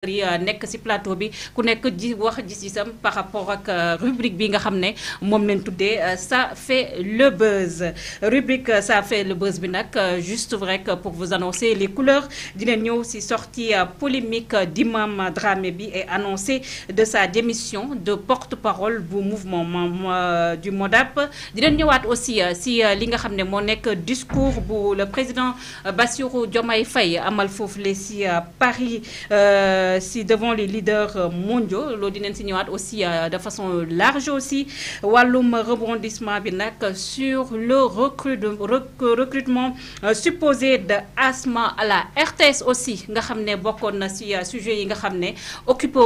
Euh, nekk ci plateau bi par rapport à la euh, rubrique bi nga euh, ça fait le buzz rubrique ça fait le buzz juste vrai que pour vous annoncer les couleurs dinañ aussi sorti la polémique d'Imam Dramé et annoncé de sa démission de porte-parole du mouvement du MODAP Nous ñëwaat aussi si li discours pour le président Bassirou Diomaye Faye amal Malfouf, le Paris euh, si devant les leaders euh, mondiaux l'audience dinañ si ñëwaat aussi euh, de façon large aussi walum rebondissement bi sur le recrutement supposé de Asma à la RTS aussi nga xamné ne na sujet yi nga xamné ne occupé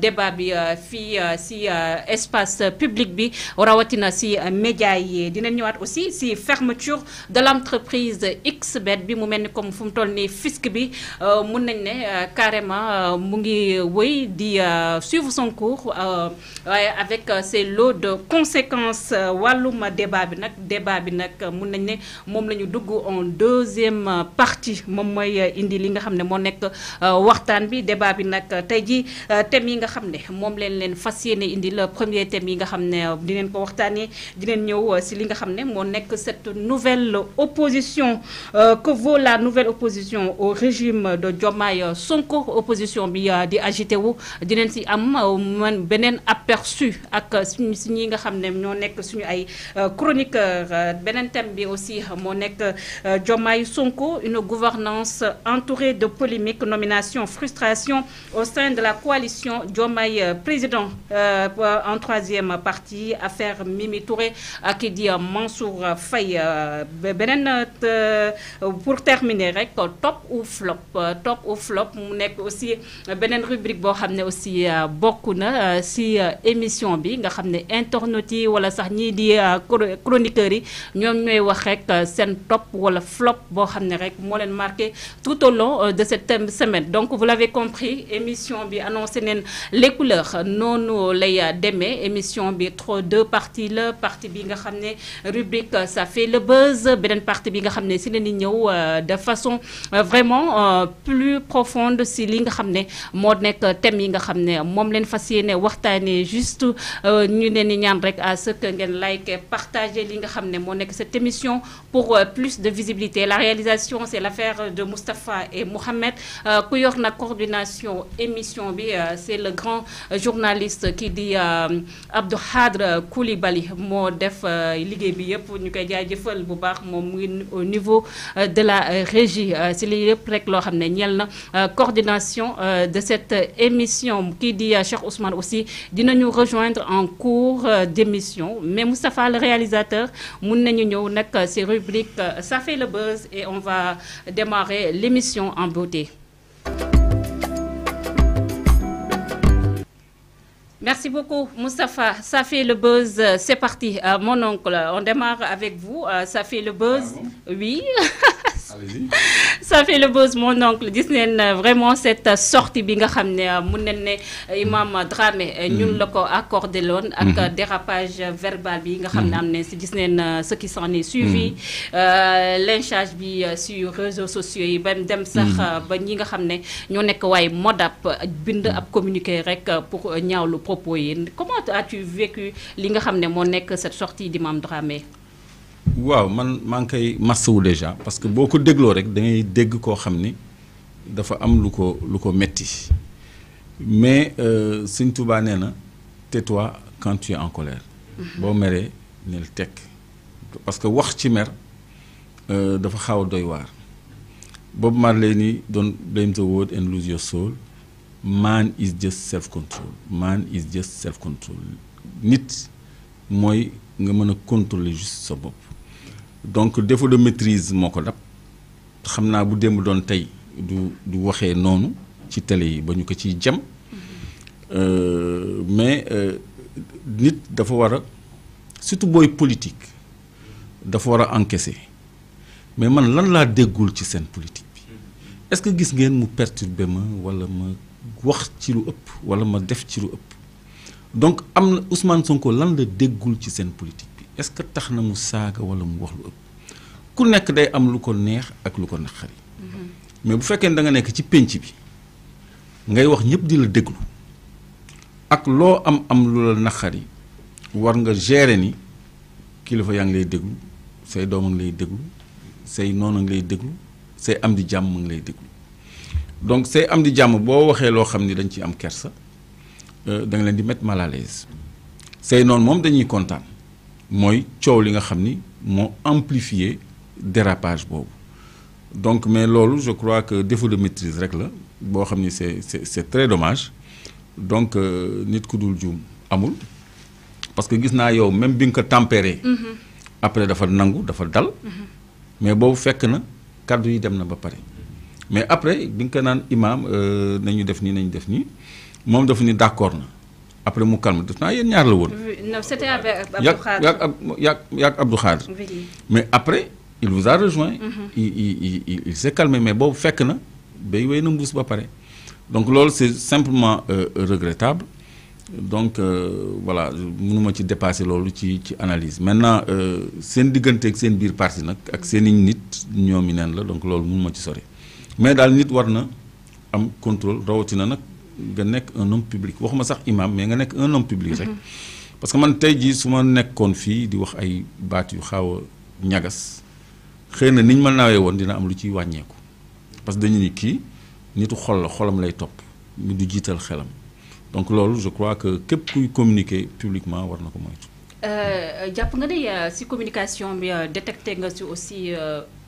débat bi fi si espace public bi rawatina si média yi dinañ ñëwaat aussi si fermeture de l'entreprise XBET bi mu melni comme fum mu toll fisc bi mun nañ né carrément mu ngi di euh, suivre son cours euh, avec euh, ses lots de conséquences wàllum débat bi nag débat bi nag mun nañ ne moom la en deuxième partie moom mooy indi li nga xam ne moo nekk waxtaan bi débat bi nag tey ji thème yi nga xam ne moom leen leen indi le premier thème yi nga xam ne dineen ko waxtaanee dineen ñëw si li nga xam ne moo cette nouvelle opposition que vaut la nouvelle opposition au régime de Diomaye Sonko opposition émission bi euh, di agité wu dinañ am euh, man benen aperçu ak euh, suñu nga xam ñoo suñu ay chroniqueur Benen thème bi aussi mo nek Jomay Sonko une gouvernance entourée de polémiques nomination frustration au sein de la coalition Jomay président en troisième partie affaire Mimi Touré ak di Mansour Faye Benen pour terminer rek top ou flop top ou flop mu nek aussi beneen rubrique boo xam ne aussi euh, bokk na euh, si euh, émission bi nga xam ne internautes yi wala sax ñii di chroniqueurs yi ñoom ñooy wax rek seen top wala flop boo xam ne rek moo leen marqué tout au long de cette semaine donc vous l'avez compris émission bi annoncé neen les couleurs noonu lay demee émission bi trop deux parties la partie bi nga xam ne rubrique ça fait le buzz beneen partie bi nga xam ne si ñëw de façon vraiment plus profonde si li nga xam ne moo nekk thème yi nga xam mom len leen fas juste euh, ñu leen ñaan rek à ce que ngeen like partager li nga xam mo nek cette émission pour euh, plus de visibilité la réalisation c'est l'affaire de Mustapha et Mohamed euh, ku yor na coordination émission bi c'est le grand journaliste qui di Abdou Koulibaly. Coulibaly moo def liggéey bi yëpp ñu koy jaajëfal bu baax mom ngi au niveau de la régie C'est li yëpp rek lo xam ne na coordination euh, de cette émission qui dit à Cheikh Ousmane aussi de nous rejoindre en cours euh, d'émission mais Moustapha le réalisateur nous nañu ñëw euh, c'est ces ça fait le buzz et on va démarrer l'émission en beauté. Merci beaucoup, Moustapha. Ça fait le buzz. C'est parti. mon oncle, on démarre avec vous. ça fait le buzz. Oui. ça fait le buzz mon oncle disney euh, vraiment cette euh, sortie bi nga xam ne euh, Imam Dramé mm. ñun lako accordé ak mm-hmm. dérapage verbal bi nga xamné amné ci ce qui s'en est suivi mm-hmm. lynchage bi sur réseaux sociaux yi ben dem sax mm-hmm. ba ñi nga xamné ñu nek way modap bind ab communiqué rek pour ñaawlu propos yi comment as-tu vécu li nga xamné mo nek cette sortie d'Imam drame? waaw man maa ngi koy massawu déjà parce que boo ko dégloo rek da ngay dégg koo xam ni dafa am lu ko lu ko metti mais euh, Sëñ Tuubaa nee na tais-toi quand tu es en colère. Mhm. boo meree nel tekk parce que wax ci mer euh, dafa xaw a doy waar. Bob Marley ni don't blame the world and lose your soul man is just self control man is just self control nit mooy nga mën a contrôler juste sa bopp donc défaut de maîtrise moko dab xamna bu démb doon tay du du waxé noonu ci télé yi bañu ko ci ciy euh mais euh, nit dafa wara surtout boy politique dafa wara encaisser mais man lan la déggul ci sen politique bi est-ce que gis ngeen mu perturber ma wala ma wax ci lu ëpp wala ma def ci lu ëpp donc am Ousmane Sonko lan la déggul ci sen politique. est-ce que tax na mu saaga wala mu wax lu ëpp ku nekk day am lu ko neex ak lu ko naqari mm-hmm. mais bu fekkee ne da nga nekk ci pénc bi ngay wax ñëpp di la déglu ak loo am am lu la naqari war nga gere ni kilifa yaa ngi lay déglu say doom a lay déglu say noon a ngi lay déglu say am di jàmm a ngi lay déglu donc say am di jàmm boo waxee loo xam ni dañ ciy am kersa euh, da nga leen di mettre mal à l'aise say noon moom dañuy kontaan. moy ciow li nga xamni mo amplifier dérapage boobu donc mais lolu je crois que défaut de maîtrise rek la bo xamni c'est c'est très dommage donc euh, nit ku dul juum amul parce que gis naa yow même bi nga ko tempéré. Mm-hmm. après dafa nangu dafa dal. Mm-hmm. mais bobu fekk na cadre yi dem na ba paré mais après bi nga ko Imam, euh, nañu def ni nañu def ni mom dafa ni d'accord na après mu calme tout naa yéen ñaar la won non c'était avec Abdou Khadr. yaag mais après il vous a rejoint. Mhm. il il il s'est calmé mais boobu fekk na bay way na mbuus ba paré donc loolu c'est simplement euh, regrettable donc euh, voilà mënuma ci dépasser loolu ci ci analyse maintenant euh, seen diggante ak seen biir parti nak ak seeni nit ñoom yi la donc loolu mënuma ci sori mais dal nit war na am contrôle rawati na nak nga nekk un homme public waxuma sax imam mais nga nekk un homme public rek. parce que man tey jii su ma nekkoon fii di wax ay baat yu xaaw a ñagas xëy na niñ ma nawee woon dina am lu ciy wàññeeku parce que dañu ni kii nitu xol la xolam lay topp mu du jiital xelam donc loolu je crois que képp kuy communiquer publiquement war na ko moytu. Euh, jàpp nga ne euh, si communication bi euh, détecté nga si aussi.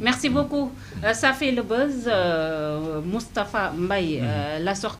Merci beaucoup. Euh, ça fait le buzz. Euh, Mustafa Mbaye, euh, la sortie.